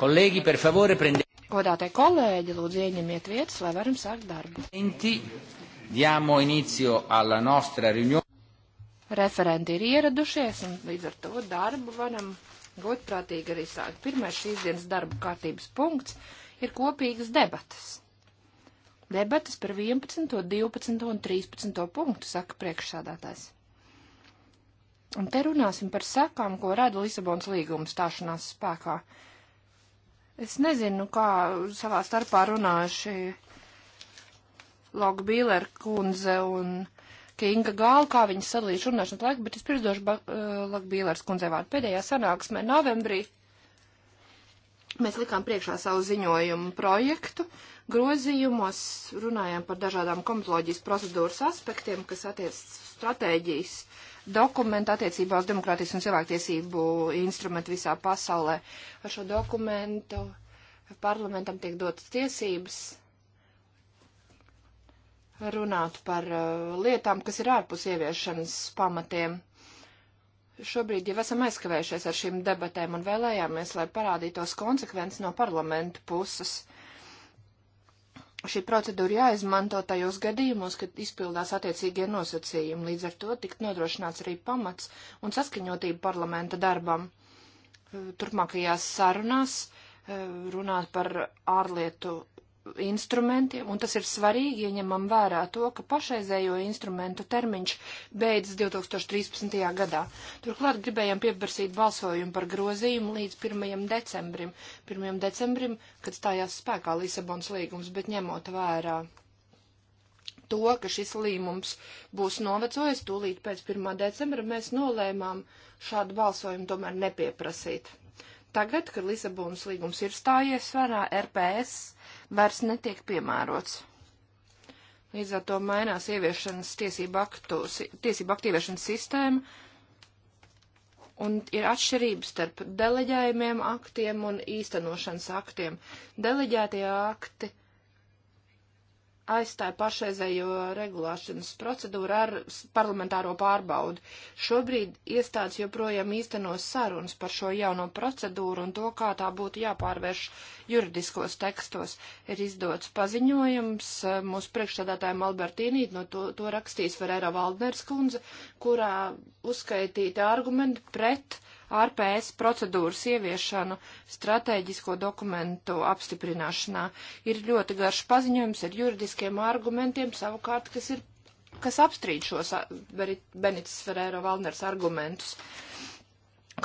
Kolēģi, per favore, prendē. Godātie kolēģi, lūdzu ieņemiet vietas, lai varam sākt darbu. Enti, diamo inizio alla nostra riunione. Referenti ir ieradušies un līdz ar to darbu varam godprātīgi arī sākt. Pirmais šīs dienas darba kārtības punkts ir kopīgas debatas. Debatas par 11, 12 un 13 punktu, saka priekšsādātājs. Un te runāsim par sekām, ko rada Lisabonas līguma stāšanās spēkā Es nezinu, kā savā starpā runājuši Loga Bīlera kundze un Kinga Gāla, kā viņi sadalīja runāšanas laiku, bet es pirdošu uh, Loga Bīlera kundzei vārdu pēdējā sanāksmē novembrī. Mēs likām priekšā savu ziņojumu projektu, grozījumos runājām par dažādām komitoloģijas procedūras aspektiem, kas attiec stratēģijas uh, dokumentu attiecībā uz demokrātijas un cilvēktiesību instrumentu visā pasaulē. Ar šo dokumentu parlamentam tiek dotas tiesības runāt par uh, lietām, kas ir ārpus ieviešanas pamatiem. Šobrīd jau esam aizkavējušies ar šīm debatēm un vēlējāmies, lai parādītos konsekvences no parlamentu puses šī procedūra jāizmanto tajos gadījumos, kad izpildās attiecīgie nosacījumi. Līdz ar to tikt nodrošināts arī pamats un saskaņotība parlamenta darbam. Turpmākajās sarunās eh, runāt par ārlietu instrumentiem, un tas ir svarīgi, ja ņemam vērā to, ka pašreizējo instrumentu termiņš beidzas 2013. gadā. Turklāt gribējām pieprasīt balsojumu par grozījumu līdz 1. decembrim, 1. decembrim, kad stājās spēkā Lisabons līgums, bet ņemot vērā to, ka šis līmums būs novecojis tūlīt pēc 1. decembra, mēs nolēmām šādu balsojumu tomēr nepieprasīt. Tagad, kad Lisabonas līgums ir stājies svarā, RPS vairs netiek piemērots. Līdz ar to mainās ieviešanas tiesību, aktu, tiesību aktīviešanas sistēma, un ir atšķirības starp deleģējumiem aktiem un īstenošanas aktiem. Deleģētie akti aizstāja pašreizējo regulāšanas procedūru ar parlamentāro pārbaudu. Šobrīd iestādes joprojām īstenos sarunas par šo jauno procedūru un to, kā tā būtu jāpārvērš juridiskos tekstos. Ir izdots paziņojums e, mūsu priekšstādātājiem Albertīnī, no to, to rakstīs Ferēra Valdners kundze, kurā uzskaitīti argumenti pret uh, ārpēs procedūras ieviešanu strateģisko dokumentu apstiprināšanā. Ir ļoti garš paziņojums ar juridiskiem argumentiem, savukārt, kas ir kas apstrīd šos Benits Ferēro Valners argumentus.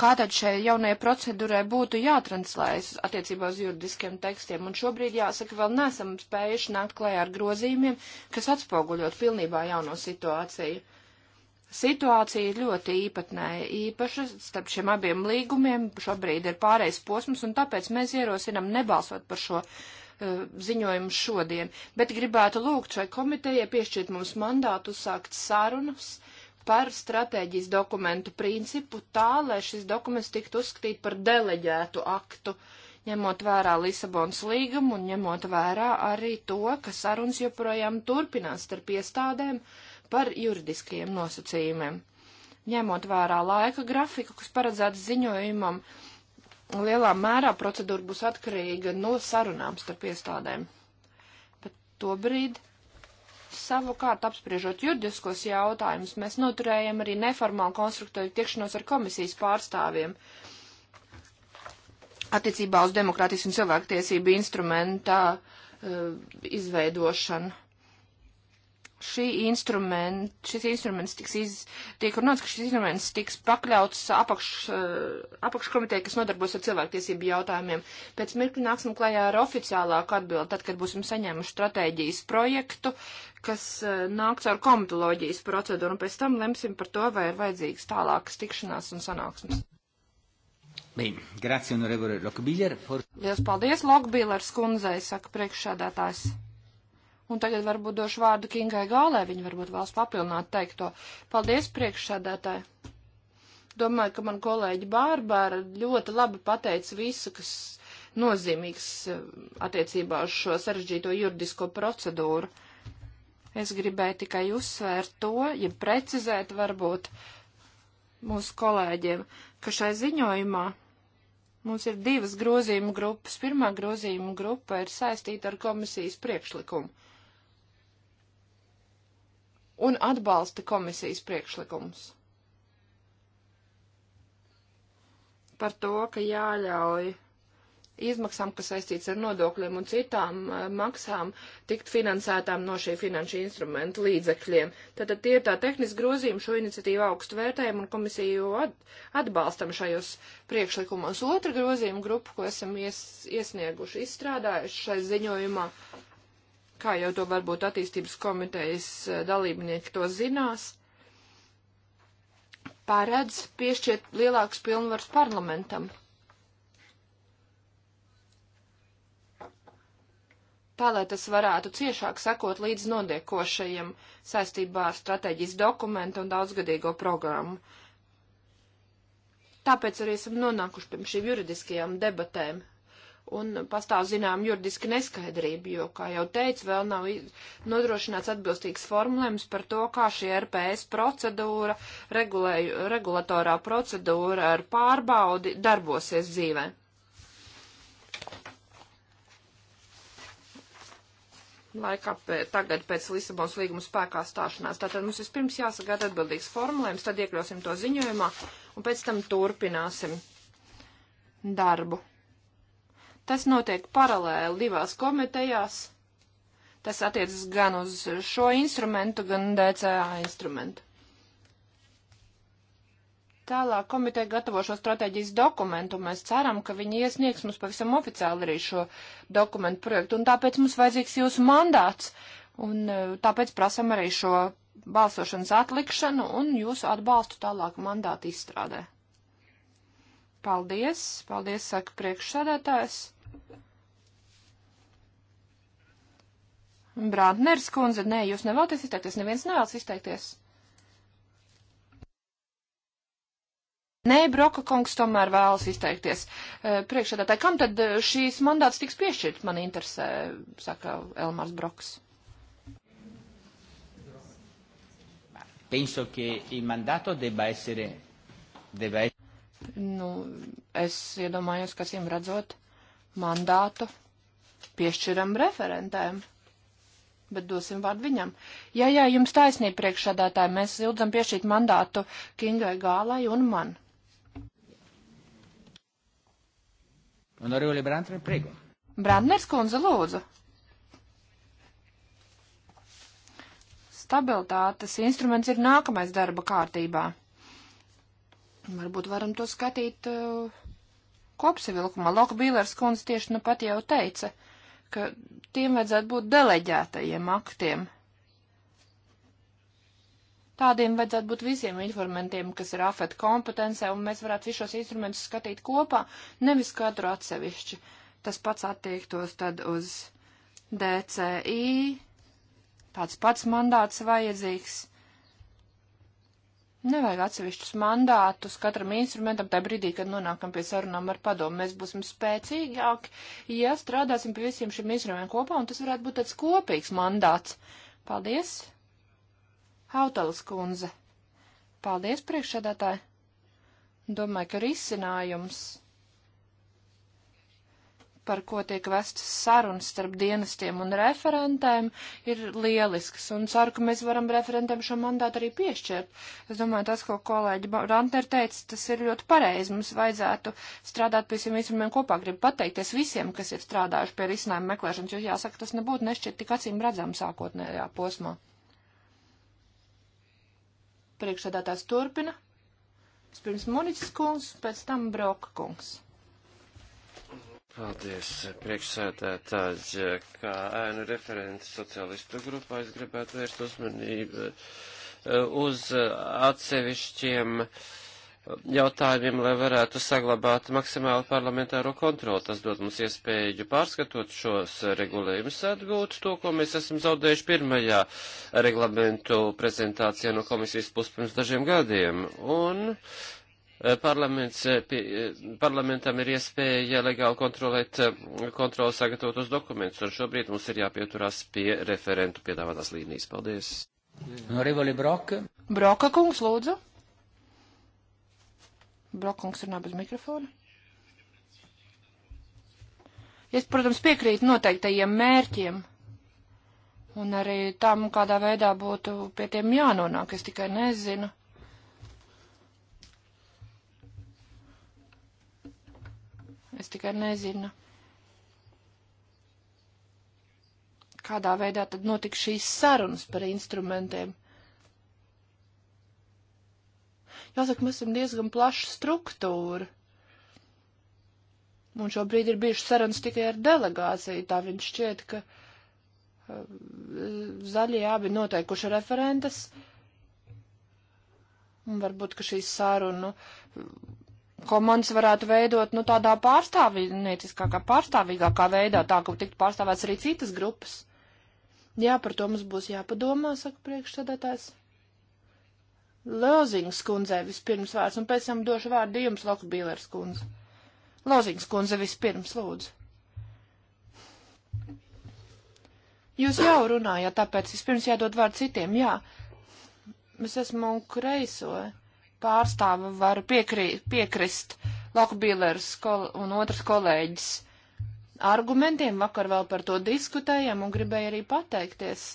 Kā tad šai jaunajai procedūrai būtu jātranslējas attiecībā uz juridiskiem tekstiem? Un šobrīd, jāsaka, vēl nesam spējuši nākt klajā ar grozījumiem, kas atspoguļot pilnībā jauno situāciju. Situācija ir ļoti īpatnēja, īpaša starp šiem abiem līgumiem, šobrīd ir pārējais posms, un tāpēc mēs ierosinam nebalsot par šo uh, ziņojumu šodien, bet gribētu lūgt šai komitejai piešķirt mums mandātu sākt sarunas par stratēģijas dokumentu principu tā, lai šis dokuments tiktu uzskatīt par deleģētu aktu, ņemot vērā Lisabons līgumu un ņemot vērā arī to, ka sarunas joprojām turpinās starp iestādēm, uh, par juridiskajiem nosacījumiem. Ņemot vērā laika grafiku, kas paredzēts ziņojumam, lielā mērā procedūra būs atkarīga no sarunām starp iestādēm. Bet to brīdi savukārt apspriežot juridiskos jautājumus, mēs noturējam arī neformālu konstruktīvu tikšanos ar komisijas pārstāvjiem attiecībā uz demokrātijas un cilvēktiesību instrumentā uh, izveidošanu šī instrument, šis instruments tiks iz, tiek runāts, ka šis instruments tiks pakļauts apakš, eh, apakškomiteja, kas nodarbojas ar cilvēktiesību jautājumiem. Pēc mirkļa nāksim klajā ar oficiālāku atbildi, tad, kad būsim saņēmuši stratēģijas projektu, kas eh, nāks ar komitoloģijas procedūru, un pēc tam lemsim par to, vai ir vajadzīgs tālākas tikšanās un sanāksmes. Bem, grazie, onorevole Lokbiller. For... Liels paldies, Lokbiller skundzei, saka priekšsādātājs. Un tagad varbūt došu vārdu Kingai Gālē, viņa varbūt vēlas papilnāt teikto. Paldies priekšsēdētāji! Domāju, ka man kolēģi Bārbāra ļoti labi pateica visu, kas nozīmīgs eh, attiecībā uz šo sarežģīto juridisko procedūru. Es gribēju tikai uzsvērt to, ja precizēt varbūt mūsu kolēģiem, ka šai ziņojumā Mums ir divas grozījuma grupas. Pirmā grozījuma grupa ir saistīta ar komisijas priekšlikumu un atbalsta komisijas priekšlikumus. Par to, ka jāļauj izmaksām, kas saistīts ar nodokļiem un citām eh, maksām, tikt finansētām no šī finanšu instrumenta līdzekļiem. Tātad tie ir tā tehniski grozījumi šo iniciatīvu augstu vērtējumu un komisiju atbalstam šajos priekšlikumos. Otra grozījuma grupa, ko esam ies, iesnieguši, izstrādājuši šai ziņojumā, kā jau to varbūt attīstības komitejas eh, dalībnieki to zinās, paredz piešķiet lielāks pilnvars parlamentam. Tā, lai tas varētu ciešāk sekot līdz nodiekošajiem saistībā ar stratēģijas dokumentu un daudzgadīgo programmu. Tāpēc arī esam nonākuši pie šīm juridiskajām debatēm un pastāv zinām juridiski neskaidrība, jo, kā jau teicu, vēl nav nodrošināts atbilstīgs formulējums par to, kā šī RPS procedūra, regulē, regulatorā procedūra ar pārbaudi darbosies dzīvē. laikā pē, tagad pēc Lisabonas līguma spēkā stāšanās. Tātad mums vispirms jāsagāda atbildīgs formulējums, tad iekļausim to ziņojumā un pēc tam turpināsim darbu. Tas notiek paralēli divās komitejās. Tas attiecas gan uz šo instrumentu, gan DCA instrumentu. Tālāk komiteja gatavo šo stratēģijas dokumentu, un mēs ceram, ka viņi iesniegs mums pavisam oficiāli arī šo dokumentu projektu, un tāpēc mums vajadzīgs jūsu mandāts, un e, tāpēc prasam arī šo balsošanas atlikšanu un jūsu atbalstu tālāk mandātu izstrādē. Paldies, paldies, saka priekšsādātājs. Brādneris kundze, nē, jūs nevēlaties izteikties, neviens nevēlas izteikties. Nē, Broka kungs tomēr vēlas izteikties. Eh, Priekšsēdētāji, kam tad eh, šīs mandāts tiks piešķirt, man interesē, saka Elmars Broks. Penso che il mandato debba essere. Debba... Nu, es iedomājos, ka simt redzot mandātu piešķiram referentēm, bet dosim vārdu viņam. Jā, jā, jums taisnība priekšādātāji, mēs ildzam piešķirt mandātu Kingai Gālai un man. Honorevole Brantner, prego. Brantners kundze, lūdzu. Stabilitātes instruments ir nākamais darba kārtībā. Varbūt varam to skatīt uh, kopsavilkumā. Loka Bīlers kundze tieši nu pat jau teica, ka tiem vajadzētu būt deleģētajiem aktiem. Tādiem vajadzētu būt visiem instrumentiem, kas ir afet kompetencē, un mēs varētu visus šos instrumentus skatīt kopā, nevis katru atsevišķi. Tas pats attiektos tad uz DCI, tāds pats mandāts vajadzīgs Nevajag atsevišķus mandātus katram instrumentam tajā brīdī, kad nonākam pie sarunām ar padomu. Mēs būsim spēcīgāki, ja strādāsim pie visiem šiem instrumentiem kopā, un tas varētu būt tāds kopīgs mandāts. Paldies! Hautalas kundze! Paldies, priekšsēdētāji! Domāju, ka risinājums par ko tiek vestas sarunas starp dienestiem un referentēm, ir lielisks, un ceru, ka mēs varam referentēm šo mandātu arī piešķirt. Es domāju, tas, ko kolēģi Rantner teica, tas ir ļoti pareizi. Mums vajadzētu strādāt pie šiem instrumentiem kopā. Gribu pateikties visiem, kas ir strādājuši pie risinājuma meklēšanas, jo jāsaka, tas nebūtu nešķiet tik acīm redzam sākotnējā posmā. Priekšsēdētājs turpina. Vispirms Municis kungs, pēc tam Broka kungs. Paldies, priekšsēdētāji, kā ēnu referents socialistu grupā es gribētu vērst uzmanību eh, uz eh, atsevišķiem jautājumiem, lai varētu saglabāt maksimālu parlamentāro kontroli. Tas dod mums iespēju pārskatot šos regulējumus, atgūt to, ko mēs esam zaudējuši pirmajā reglamentu prezentācijā no komisijas puses pirms dažiem gadiem. Un Eh, eh, eh, parlamentam ir iespēja legāli kontrolēt kontrolas sagatavotos dokumentus, un šobrīd mums ir jāpieturās pie referentu piedāvātās līnijas. Paldies! Norivoli Broka. Broka kungs, lūdzu. Broka kungs runā bez mikrofona. Es, protams, piekrītu noteiktajiem mērķiem. Un arī tam, kādā veidā būtu pie tiem jānonāk, es tikai nezinu tikai nezina, kādā veidā tad notika šīs sarunas par instrumentiem. Jāsaka, mēs esam diezgan plaša struktūra. Un šobrīd ir bijušas sarunas tikai ar delegāciju, tā viņš šķiet, ka eh, zaļie abi noteikuši referentes. Un varbūt, ka šīs sārunu komandas varētu veidot, nu, tādā pārstāvnieciskākā, pārstāvīgākā veidā, tā, ka tiktu pārstāvēts arī citas grupas. Jā, par to mums būs jāpadomā, saka priekšsēdētājs. Lozings kundzei vispirms vārds, un pēc tam došu vārdu jums, Lokbīlers kundze. Lozings kundze vispirms lūdzu. Jūs jau runājāt, tāpēc vispirms jādod vārdu citiem, jā. Es esmu kreisoja pārstāve var piekrī, piekrist Lokbīlers kol un otrs kolēģis argumentiem. Vakar vēl par to diskutējam un gribēju arī pateikties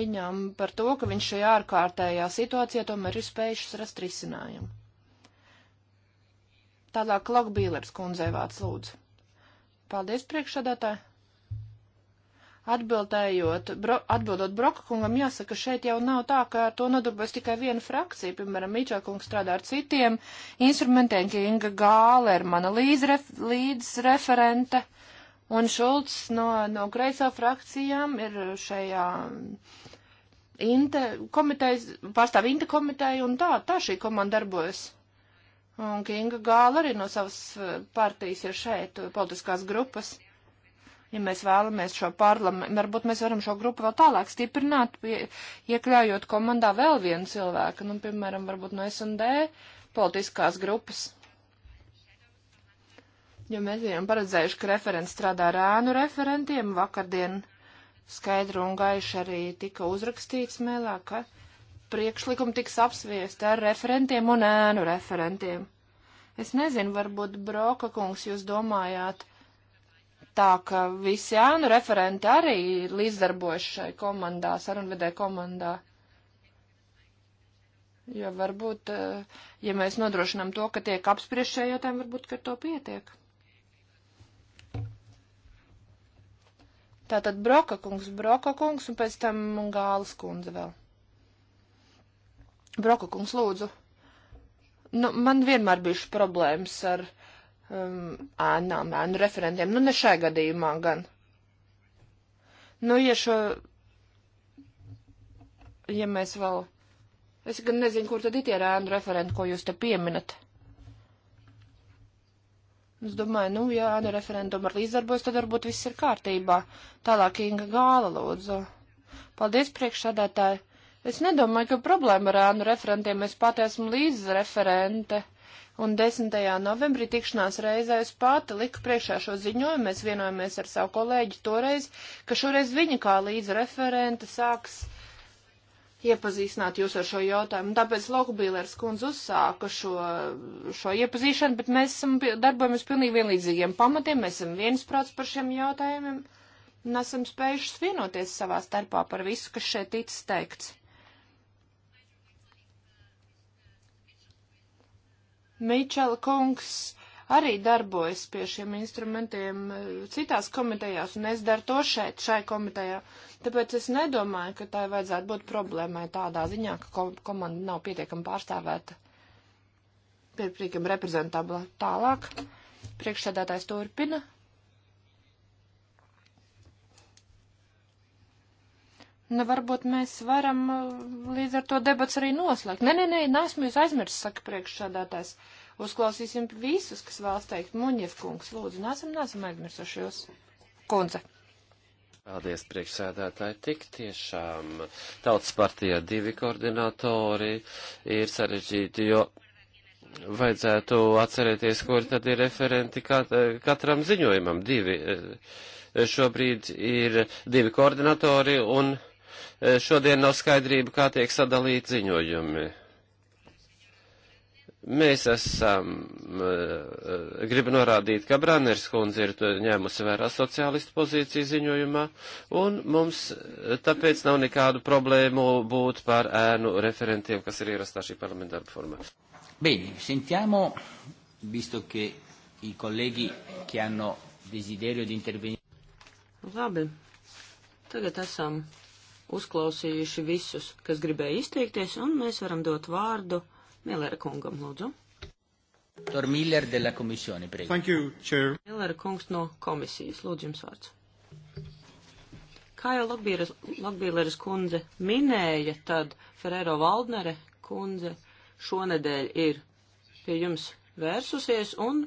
viņam par to, ka viņš šajā ārkārtējā situācijā tomēr ir spējušas rast risinājumu. Tālāk Lokbīlers kundzei vārds lūdzu. Paldies priekšsādātāji! Atbildējot, bro, atbildot Brokakungam, jāsaka, šeit jau nav tā, ka ar to nodarbojas tikai viena frakcija. Piemēram, Mīčākungs strādā ar citiem instrumentiem, ka Inga Gāle ir mana līdzref, līdzreferente, un Šulcs no, no kreiso frakcijām ir šajā inte komitejas, pārstāv inte komiteju, un tā, tā šī komanda darbojas. Un Kinga Gāla arī no savas eh, partijas ir šeit, eh, politiskās grupas ja mēs vēlamies šo parlamentu, varbūt mēs varam šo grupu vēl tālāk stiprināt, pie, iekļaujot komandā vēl vienu cilvēku, nu, piemēram, varbūt no S&D politiskās grupas. Jo mēs bijām paredzējuši, ka referents strādā ar ēnu referentiem, vakardien skaidru un gaišu arī tika uzrakstīts mēlā, ka priekšlikumi tiks apsviesti ar referentiem un ēnu referentiem. Es nezinu, varbūt Broka kungs, jūs domājāt, tā, ka visi ēnu referenti arī līdzdarbojas šai komandā, sarunvedē komandā. Jo varbūt, eh, ja mēs nodrošinām to, ka tiek apspriest šajā jautājumā, varbūt, ka ar to pietiek. Tātad Broka kungs, Broka kungs un pēc tam Gāles kundze vēl. Broka kungs, lūdzu. Nu, man vienmēr bijuši problēmas ar uh, um, ēnām, ēnu referentiem. Nu, ne šai gadījumā gan. Nu, ja šo, ja mēs vēl, es gan nezinu, kur tad ir tie ēnu referenti, ko jūs te pieminat. Es domāju, nu, ja ēnu referendumu ar līdzdarbojas, tad varbūt viss ir kārtībā. Tālāk Inga Gāla lūdzu. Paldies priekšsādātāji. Es nedomāju, ka problēma ar ēnu referentiem. Es pat esmu līdzreferente Un 10. novembrī tikšanās reizē es pati liku priekšā šo ziņojumu, mēs vienojamies ar savu kolēģi toreiz, ka šoreiz viņa kā līdz referente sāks iepazīstināt jūs ar šo jautājumu. Tāpēc Lokubīlers kundze uzsāka šo, šo iepazīšanu, bet mēs esam darbojamies pilnīgi vienlīdzīgiem pamatiem, mēs esam viensprāts par šiem jautājumiem un esam spējuši vienoties savā starpā par visu, kas šeit ticis teikts. Mičela kungs arī darbojas pie šiem instrumentiem eh, citās komitejās, un es daru to šeit, šai komitejā. Tāpēc es nedomāju, ka tā vajadzētu būt problēmai tādā ziņā, ka ko komanda nav pietiekami pārstāvēta. Pirprīkam reprezentabla tālāk. Priekšsēdētājs turpina. Nu, varbūt mēs varam uh, līdz ar to debats arī noslēgt. Nē, nē, nē, neesmu jūs aizmirst, saka priekšsādātājs. Uzklausīsim visus, kas vēlas teikt. Muņiev kungs, lūdzu, nesam, nesam aizmirsuši jūs. Kundze. Paldies, priekšsēdētāji. Tik tiešām tautas partijā divi koordinatori ir sarežģīti, jo vajadzētu atcerēties, kur tad ir referenti kat, katram ziņojumam. Divi eh, šobrīd ir divi koordinatori un Eh, šodien nav skaidrība, kā tiek sadalīti ziņojumi. Mēs esam, eh, eh, gribu norādīt, ka Branners kundze ir ņēmusi vērā sociālistu pozīciju ziņojumā, un mums tāpēc nav nekādu problēmu būt par ēnu referentiem, kas ir ierastā šī parlamentāra formā. Bene, sentiamo, visto che i colleghi che hanno desiderio di intervenire. Labi, tagad esam uzklausījuši visus, kas gribēja izteikties, un mēs varam dot vārdu Millera kungam, lūdzu. Dr. Miller de la Commissione, prego. Thank you, Chair. Millera kungs no komisijas, lūdzu jums vārds. Kā jau Lakbīleres kundze minēja, tad Ferrero Valdnere kundze šonedēļ ir pie jums vērsusies un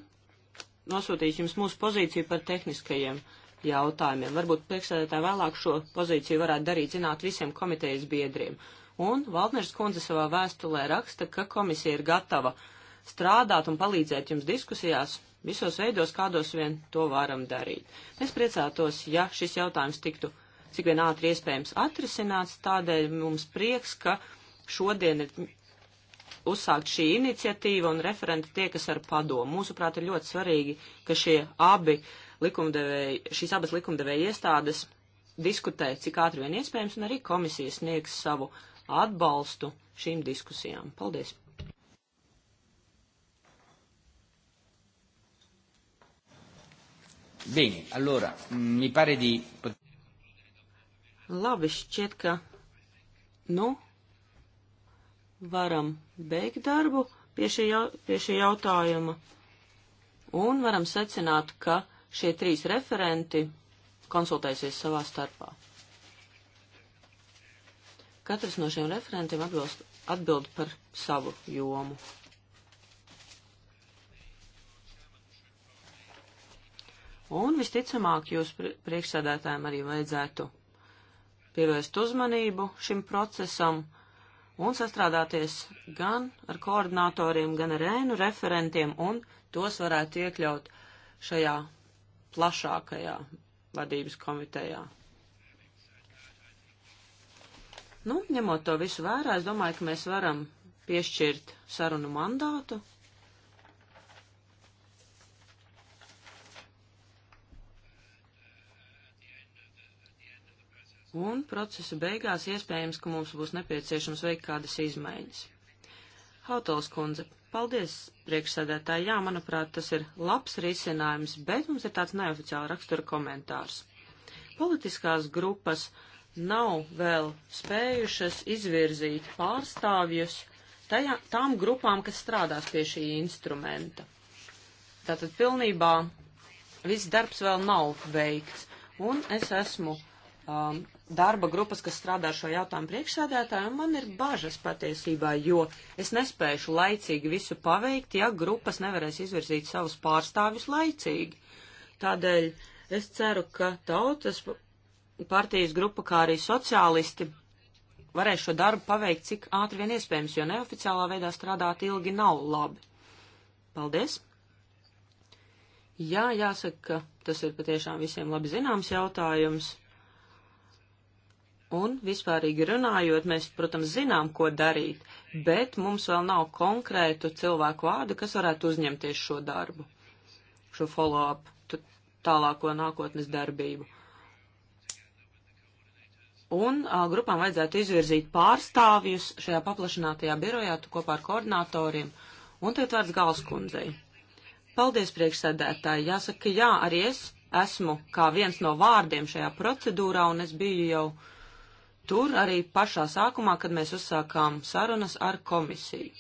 nosūtīs jums mūsu pozīciju par tehniskajiem uh, jautājumiem. Varbūt priekšsēdētāji vēlāk šo pozīciju varētu darīt zināt visiem komitejas biedriem. Un Valdneris kundze savā vēstulē raksta, ka komisija ir gatava strādāt un palīdzēt jums diskusijās visos veidos, kādos vien to varam darīt. Mēs priecātos, ja šis jautājums tiktu cik vien ātri iespējams atrisināts, tādēļ mums prieks, ka šodien ir uzsākt šī iniciatīva un referenti tie, kas ar padomu. Mūsuprāt, ir ļoti svarīgi, ka šie abi uh, likumdevēji, šīs abas likumdevēja iestādes diskutē, cik ātri vien iespējams, un arī komisija sniegs savu atbalstu šīm diskusijām. Paldies! Bene, allora, mm, mi pare di... Labi, šķiet, ka, nu, varam beigt darbu pie šī, jau, pie šī jautājuma, un varam secināt, ka Šie trīs referenti konsultēsies savā starpā. Katrs no šiem referentiem atbilst, atbild par savu jomu. Un visticamāk jūs priekšsēdētājiem arī vajadzētu pievērst uzmanību šim procesam un sastrādāties gan ar koordinatoriem, gan ar ēnu referentiem, un tos varētu iekļaut šajā plašākajā vadības komitejā. Nu, ņemot to visu vērā, es domāju, ka mēs varam piešķirt sarunu mandātu. Un procesa beigās iespējams, ka mums būs nepieciešams veikt kādas izmaiņas. Hautals kundze, Paldies, priekšsēdētāji. Jā, manuprāt, tas ir labs risinājums, bet mums ir tāds neoficiāla rakstura komentārs. Politiskās grupas nav vēl spējušas izvirzīt pārstāvjus tajā, tām grupām, kas strādās pie šī instrumenta. Tātad pilnībā viss darbs vēl nav veikts, un es esmu um, darba grupas, kas strādā ar šo jautājumu priekšsēdētāju, un man ir bažas patiesībā, jo es nespēšu laicīgi visu paveikt, ja grupas nevarēs izvirzīt savus pārstāvjus laicīgi. Tādēļ es ceru, ka tautas partijas grupa, kā arī sociālisti, varēs šo darbu paveikt cik ātri vien iespējams, jo neoficiālā veidā strādāt ilgi nav labi. Paldies! Jā, jāsaka, ka tas ir patiešām visiem labi zināms jautājums. Un vispārīgi runājot, mēs, protams, zinām, ko darīt, bet mums vēl nav konkrētu cilvēku vārdu, kas varētu uzņemties šo darbu, šo follow-up, tālāko nākotnes darbību. Un a, grupām vajadzētu izvirzīt pārstāvjus šajā paplašinātajā birojā kopā ar koordinatoriem. Un tagad vārds Galskundzei. Paldies, priekšsēdētāji. Jāsaka, ka jā, arī es esmu kā viens no vārdiem šajā procedūrā, un es biju jau uh, tur arī pašā sākumā, kad mēs uzsākām sarunas ar komisiju.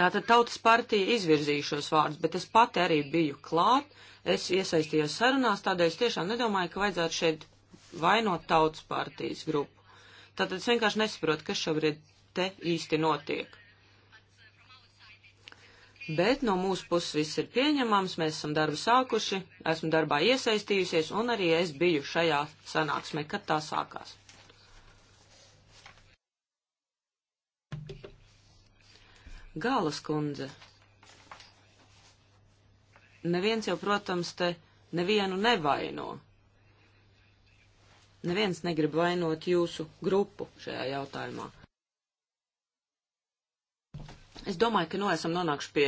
Tātad tautas partija izvirzīja šos vārdus, bet es pati arī biju klāt, es iesaistījos sarunās, tādēļ es tiešām nedomāju, ka vajadzētu šeit vainot tautas partijas grupu. Tātad es vienkārši nesaprotu, kas šobrīd te īsti notiek. Bet no mūsu puses viss ir pieņemams, mēs esam darbu sākuši, esmu darbā iesaistījusies un arī es biju šajā sanāksmē, kad tā sākās. Gālas kundze. Neviens jau, protams, te nevienu nevaino. Neviens negrib vainot jūsu grupu šajā jautājumā. Es domāju, ka nu esam nonākuši pie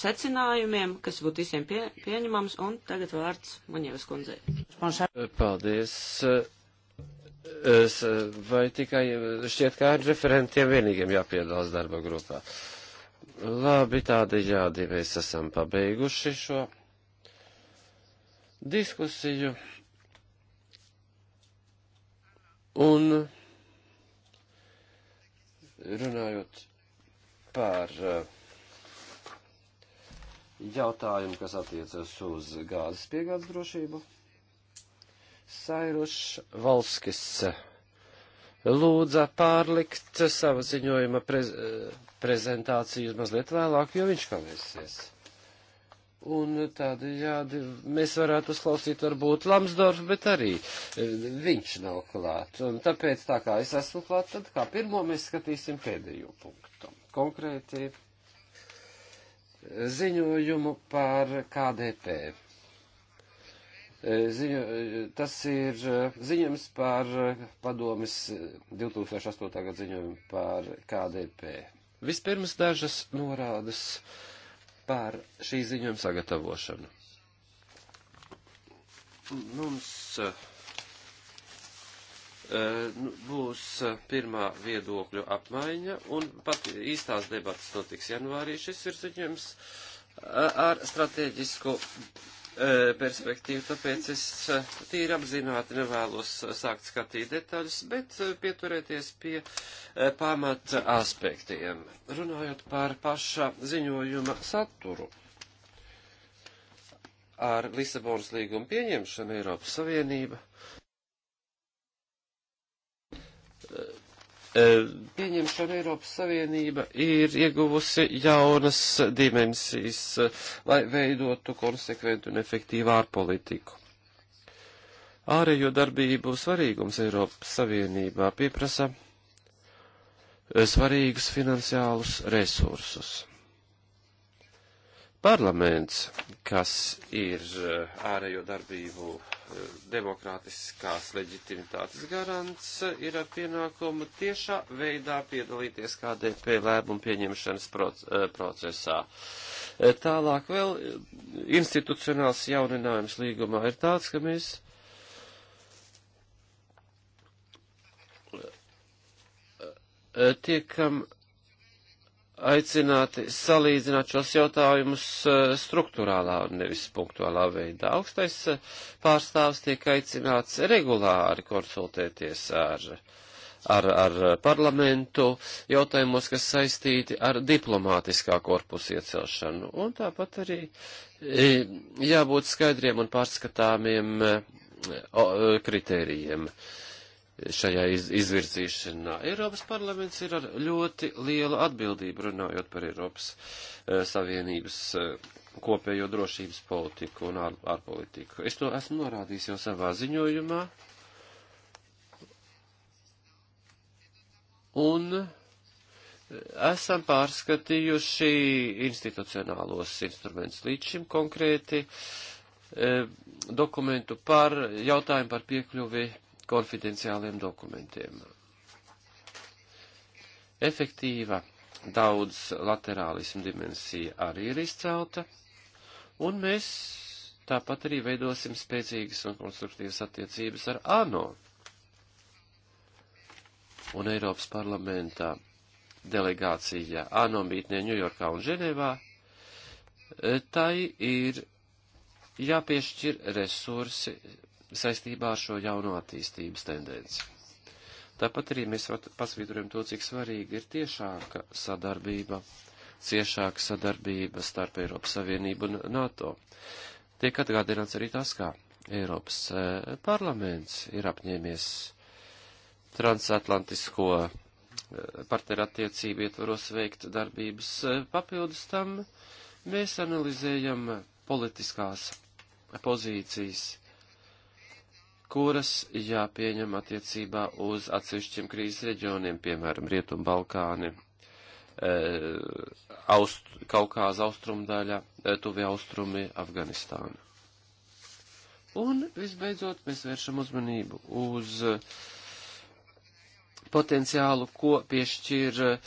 secinājumiem, kas būtu visiem pie, pieņemams, un tagad vārds Maņievas kundzei. Paldies vai tikai šķiet, ka ar referentiem vienīgiem jāpiedalās darba grupā. Labi, tādējādi mēs esam pabeiguši šo diskusiju. Un runājot par eh, jautājumu, kas attiecas uz gāzes piegādes drošību. Sairušs Valskis eh, lūdza pārlikt sava ziņojuma prez eh, prezentāciju mazliet vēlāk, jo viņš kavēsies. Un tādējādi mēs varētu uzklausīt varbūt Lamsdorfu, bet arī eh, viņš nav klāt. Un tāpēc tā kā es esmu klāt, tad kā pirmo mēs skatīsim pēdējo punktu. Konkrēti ziņojumu par KDP. E, ziņo, e, tas ir e, ziņojums par padomis 2008. gada ziņojumu par KDP. Vispirms dažas norādes par šī ziņojuma sagatavošanu. Mums nu, būs pirmā viedokļu apmaiņa, un pat īstās debatas notiks janvārī. Šis ir ziņojums ar strateģisko E, perspektīvu, tāpēc es e, tīri apzināti nevēlos sākt skatīt detaļas, bet e, pieturēties pie pamata aspektiem. Runājot par paša ziņojuma saturu. Ar Lisabonas līgumu pieņemšanu Eiropas Savienība Eh, pieņemšana Eiropas Savienība ir ieguvusi jaunas dimensijas, eh, lai veidotu konsekventu un efektīvu ārpolitiku. Ārējo darbību svarīgums Eiropas Savienībā pieprasa eh, svarīgus finansiālus resursus. Parlaments, kas ir eh, ārējo darbību eh, demokrātiskās leģitimitātes garants, ir ar pienākumu tiešā veidā piedalīties KDP lēmumu pieņemšanas eh, procesā. Tālāk vēl institucionāls jauninājums līgumā ir tāds, ka mēs tiekam aicināti salīdzināt šos jautājumus eh, struktūrālā un nevis punktuālā veidā. Augstais eh, pārstāvs tiek aicināts regulāri konsultēties ar, ar, ar parlamentu jautājumos, kas saistīti ar diplomātiskā korpusa iecelšanu. Un tāpat arī eh, jābūt skaidriem un pārskatāmiem kritērijiem. Uh, šajā iz, izvirzīšanā. Eiropas parlaments ir ar ļoti lielu atbildību runājot par Eiropas e, Savienības e, kopējo drošības politiku un ār, ārpolitiku. Es to esmu norādījis jau savā ziņojumā. Un eh, esam pārskatījuši institucionālos instrumentus līdz šim konkrēti e, dokumentu par jautājumu par piekļuvi konfidenciāliem dokumentiem. Efektīva daudz laterālismu dimensija arī ir izcelta, un mēs tāpat arī veidosim spēcīgas un konstruktīvas attiecības ar ANO un Eiropas parlamentā delegācija ANO mītnē Ņujorkā un Ženēvā, e, tai ir jāpiešķir resursi saistībā ar šo jauno attīstības tendenci. Tāpat arī mēs pasvītrojam to, cik svarīgi ir tiešāka sadarbība, ciešāka sadarbība starp Eiropas Savienību un NATO. Tiek atgādināts arī tas, kā Eiropas eh, parlaments ir apņēmies transatlantisko eh, partnerattiecību ietvaros veikt darbības eh, papildus tam, mēs analizējam politiskās pozīcijas kuras jāpieņem attiecībā uz atsevišķiem krīzes reģioniem, piemēram, Rietumu Balkāni, eh, aust, Kaukāza austrumdaļa, eh, Tuvie austrumi, Afganistāna. Un, visbeidzot, mēs vēršam uzmanību uz eh, potenciālu, ko piešķir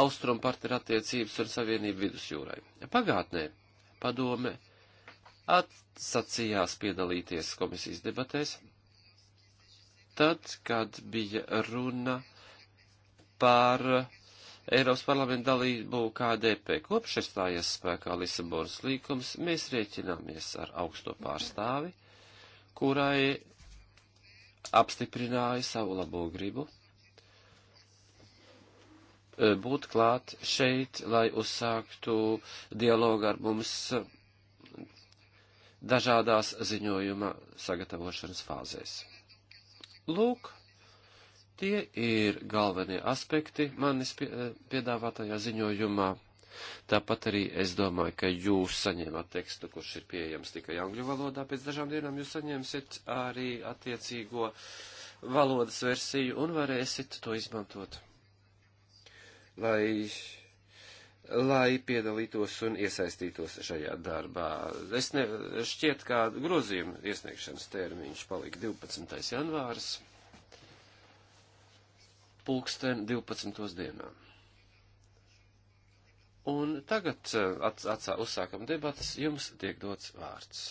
austrumu partneru attiecības un savienību vidusjūrai. Pagātnē padome atsacījās piedalīties komisijas debatēs tad, kad bija runa par Eiropas parlamenta dalību KDP. Kopš ir stājies spēkā Lisabonas līkums, mēs rēķināmies ar augsto pārstāvi, kurai apstiprināja savu labo gribu e, būt klāt šeit, lai uzsāktu dialogu ar mums dažādās ziņojuma sagatavošanas fāzēs. Lūk, tie ir galvenie aspekti manis eh, piedāvātajā ziņojumā. Tāpat arī es domāju, ka jūs saņēmat tekstu, kurš ir pieejams tikai angļu valodā. Pēc dažām dienām jūs saņemsiet arī attiecīgo valodas versiju un varēsiet to izmantot. Lai lai piedalītos un iesaistītos šajā darbā. Es ne, šķiet, kā grozījuma iesniegšanas termiņš palika 12. janvārs, pulksten 12. dienā. Un tagad eh, atsā, uzsākam debatas, jums tiek dots vārds.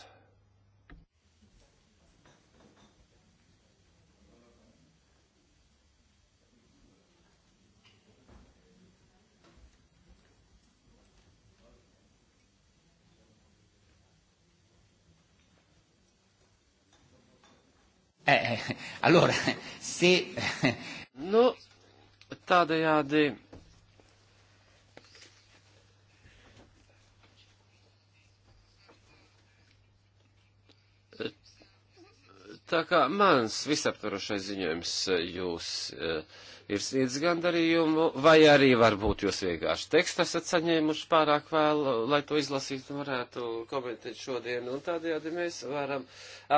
Eh, eh, allora, se... Nu, tādējādi. Tā kā mans visaptvarošais ziņojums eh, jūs uh, ir sniedzis gandarījumu, vai arī varbūt jūs vienkārši tekstu esat saņēmuši pārāk vēlu, lai to izlasītu un varētu komentēt šodien, un tādējādi mēs varam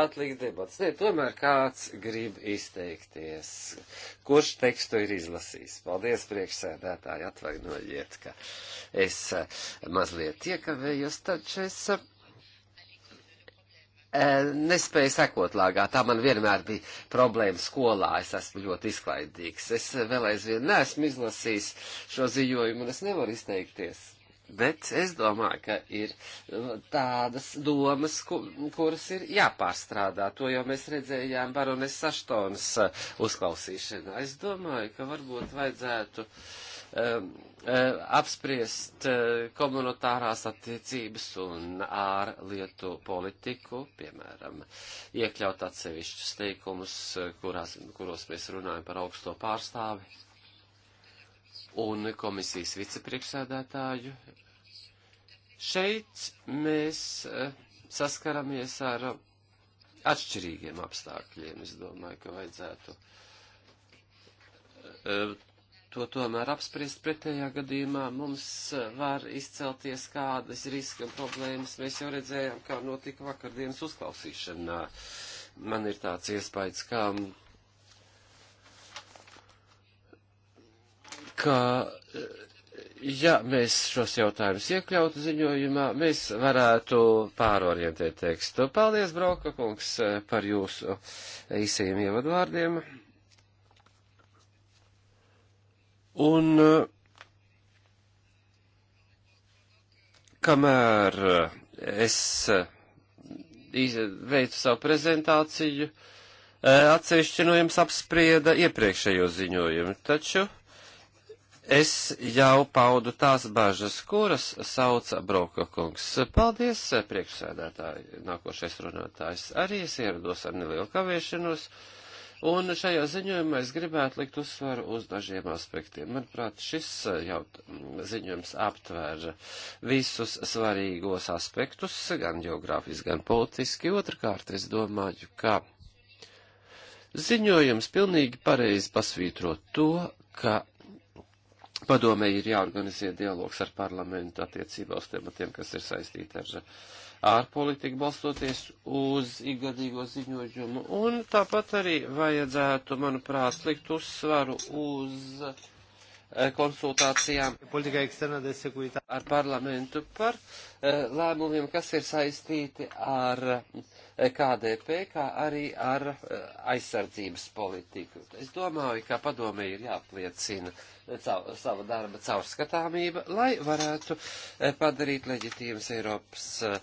atlikt debats. Nē, tomēr kāds grib izteikties, kurš tekstu ir izlasījis. Paldies, priekšsēdētāji, atvainojiet, ka es eh, mazliet iekavējos, taču es eh, nespēju sekot lāgā. Tā man vienmēr bija problēma skolā. Es esmu ļoti izklaidīgs. Es vēl aizvien neesmu izlasījis šo ziņojumu un es nevaru izteikties. Bet es domāju, ka ir nu, tādas domas, ku, kuras ir jāpārstrādā. To jau mēs redzējām barones Saštonas uzklausīšanā. Es domāju, ka varbūt vajadzētu. Uh, Um, uh, apspriest uh, komunitārās attiecības un ārlietu politiku, piemēram, iekļaut atsevišķus teikumus, uh, kurās, kuros mēs runājam par augsto pārstāvi un komisijas vicepriekšsēdētāju. Šeit mēs saskaramies ar atšķirīgiem apstākļiem. Es domāju, ka vajadzētu to tomēr apspriest. Pretējā gadījumā mums eh, var izcelties kādas riska un problēmas. Mēs jau redzējām, kā notika vakardienas uzklausīšanā. Man ir tāds iespējas, kā, ka, eh, ja mēs šos jautājumus iekļautu ziņojumā, mēs varētu pārorientēt tekstu. Paldies, Broka kungs, eh, par jūsu īsajiem ievadvārdiem. Un eh, kamēr eh, es eh, veicu savu prezentāciju, atsevišķi no jums apsprieda iepriekšējo ziņojumu, taču es jau paudu tās bažas, kuras sauca Broka kungs. Paldies, priekšsēdētāji, nākošais runātājs. Arī es ierados ar nelielu kavēšanos. Uh, Un šajā ziņojumā es gribētu likt uzsvaru uz dažiem aspektiem. Manuprāt, šis eh, jaut, ziņojums aptver visus svarīgos aspektus, gan geogrāfiski, gan politiski. Otrakārt, es domāju, ka ziņojums pilnīgi pareizi pasvītro to, ka padomē ir jāorganizē dialogs ar parlamentu attiecībā uz tematiem, kas ir saistīti ar ārpolitiku balstoties uz ikgadīgo ziņojumu. Un tāpat arī vajadzētu, manuprāt, likt uzsvaru uz eh, konsultācijām ar parlamentu par eh, lēmumiem, kas ir saistīti ar KDP, kā arī ar eh, aizsardzības politiku. Es domāju, ka padomē ir jāpliecina caur, sava darba caurskatāmība, lai varētu eh, padarīt leģitīvas Eiropas eh,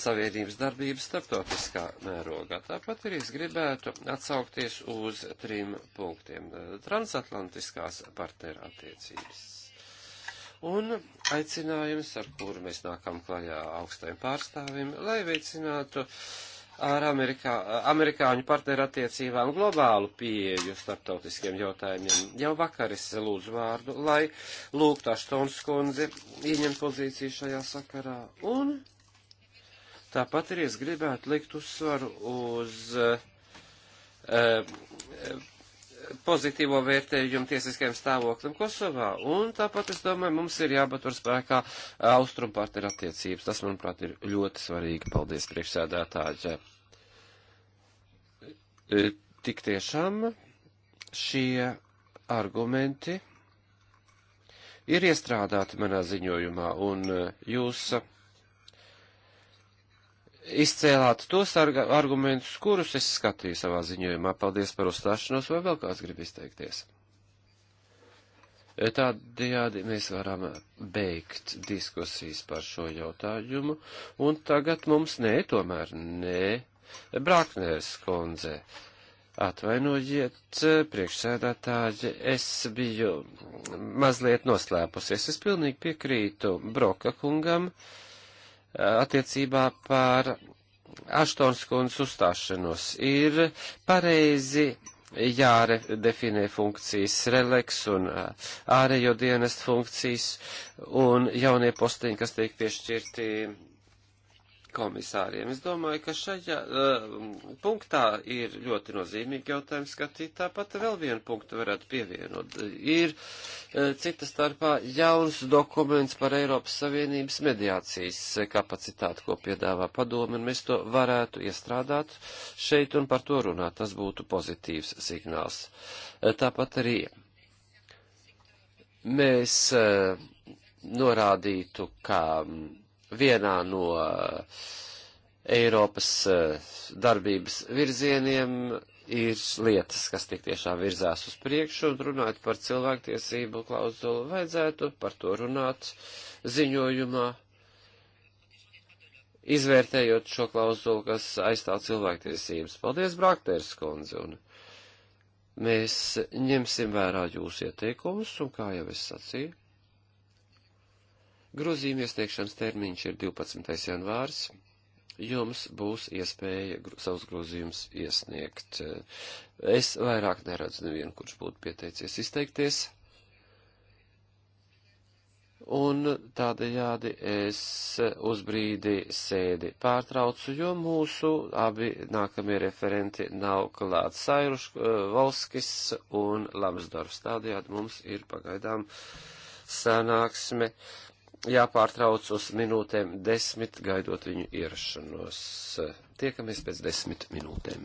Savienības darbības starptautiskā mērogā. Tāpat arī es gribētu atsaukties uz trim punktiem - transatlantiskās partneru attiecības. Un aicinājums, ar kuru mēs nākam klajā augstajiem pārstāvim, lai veicinātu uh, ar Amerikā, amerikāņu partneru attiecībām globālu pieeju starptautiskiem jautājumiem. Jau vakar es lūdzu vārdu, lai lūgtu Aštons kundzi ieņemt pozīciju šajā sakarā. Un tāpat arī es gribētu likt uzsvaru uz uh, uh, pozitīvo vērtējumu tiesiskajam stāvoklim Kosovā, un tāpat es domāju, mums ir jāpatur spēkā austrumu partneru attiecības. Tas, manuprāt, ir ļoti svarīgi. Paldies, priekšsēdētāji. E, tik tiešām šie argumenti ir iestrādāti manā ziņojumā, un e, jūs izcēlāt tos argumentus, kurus es skatīju savā ziņojumā. Paldies par uzstāšanos, vai vēl kāds grib izteikties? E, tādējādi mēs varam beigt diskusijas par šo jautājumu, un tagad mums nē, tomēr nē, Braknērs kundze. Atvainojiet, priekšsēdētāji, es biju mazliet noslēpusies. Es pilnīgi piekrītu Broka kungam. Uh, attiecībā par Aštonskundas uzstāšanos ir pareizi jāredefinē funkcijas releks un uh, ārējo dienestu funkcijas un jaunie postiņi, kas tiek piešķirti komisāriem. Es domāju, ka šajā uh, punktā ir ļoti nozīmīgi jautājums skatīt. Tāpat vēl vienu punktu varētu pievienot. Ir uh, cita starpā jauns dokuments par Eiropas Savienības mediācijas kapacitāti, ko piedāvā padomi, un mēs to varētu iestrādāt šeit un par to runāt. Tas būtu pozitīvs signāls. Uh, tāpat arī mēs uh, norādītu, ka um, vienā no eh, Eiropas eh, darbības virzieniem ir lietas, kas tik tiešām virzās uz priekšu, un runāt par cilvēktiesību klauzulu vajadzētu par to runāt ziņojumā, izvērtējot šo klauzulu, kas aizstāv cilvēktiesības. Paldies, Braktērs kundze, un mēs ņemsim vērā jūsu ieteikumus, un kā jau es sacīju, Grozījuma iesniegšanas termiņš ir 12. janvārs. Jums būs iespēja savus grozījumus iesniegt. Es vairāk neredzu nevienu, kurš būtu pieteicies izteikties. Un tādējādi es uz brīdi sēdi pārtraucu, jo mūsu abi nākamie referenti nav klāt Sairuš, eh, Volskis un Lamsdorfs. Tādējādi mums ir pagaidām sanāksme jāpārtrauc uz minūtēm desmit, gaidot viņu ierašanos. Tiekamies pēc desmit minūtēm.